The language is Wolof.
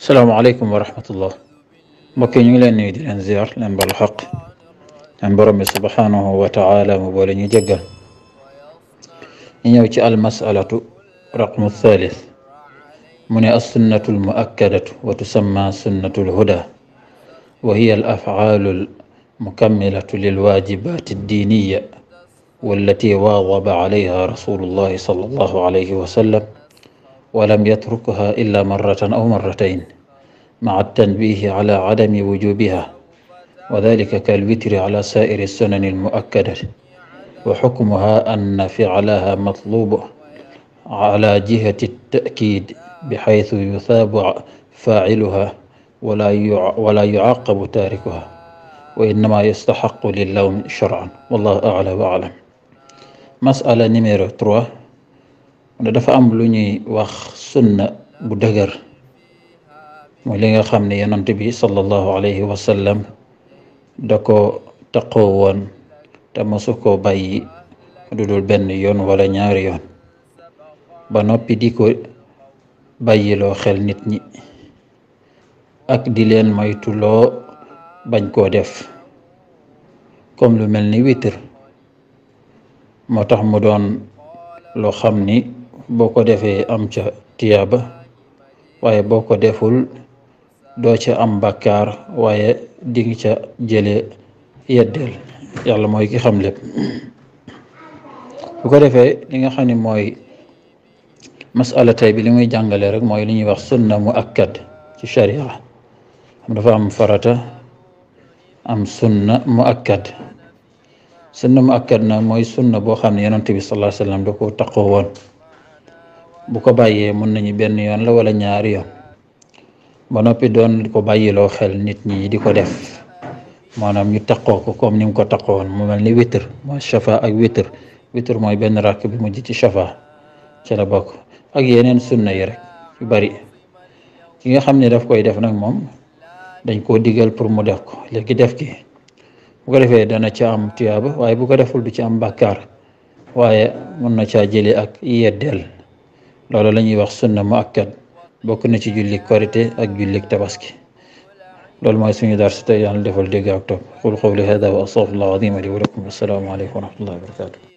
السلام عليكم ورحمة الله مكين يلين نيد الانزيار لان الحق ان برمي سبحانه وتعالى مبولي نجاق ان يوتي المسألة رقم الثالث من السنة المؤكدة وتسمى سنة الهدى وهي الأفعال المكملة للواجبات الدينية والتي واظب عليها رسول الله صلى الله عليه وسلم ولم يتركها إلا مرة أو مرتين مع التنبيه على عدم وجوبها وذلك كالوتر على سائر السنن المؤكدة وحكمها أن فعلها مطلوب على جهة التأكيد بحيث يثاب فاعلها ولا ولا يعاقب تاركها وإنما يستحق للوم شرعا والله أعلى وأعلم مسألة نمرة 3 ne dafa am lu ñuy wax sunna bu dëgër mooy li nga xam ne yonent bi sallallahu alayhi wa sallam da ko taqoo woon te mosu koo bàyyi du dul benn yoon wala ñaari yoon ba noppi di ko bàyyiloo xel nit ñi ak di leen moytuloo bañ koo def comme lu mel ni witir moo tax mu doon loo xam ni boo ko defee am ca tiyaaba waaye boo ko deful doo ca am bàkkaar waaye ding ca jële yeddeel yàlla mooy ki xam lépp bu ko defee li nga xam ni mooy masala tey bi li jàngale rek mooy li ñuy wax sunna mu akkad ci sharia xam dafa am farata am sunna mu akkad sunna mu akkad na mooy sunna boo xam ne yonent bi sallallahu alayhi wa sallam da ko woon bu ko bàyyee mën nañu benn yoon la wala ñaar yoon ba noppi doon ko bàyyiloo xel nit ñi di ko def maanaam ñu taqoo ko comme ni ko taqoon mu mel ni witr mooy shafa ak witr witr mooy benn rakk bi ji ci shafa ci la bokk ak yeneen sunna yi rek yu bari ki nga xam ne daf koy def nag moom dañ koo digal pour mu def ko léegi def ki bu ko defee dana ci am tuyaaba waaye bu ko deful du ci am bàkkaar waaye mën na caa jëlee ak yeddeel loolu lañuy wax sunna muakkad bokku na ci julli korité ak julli tabaski loolu moy suñu dar si tay yàlla defal deg ak top khul khawli hada wa astaghfirullah azim li wa lakum assalamu alaykum wa rahmatullahi wa barakatuh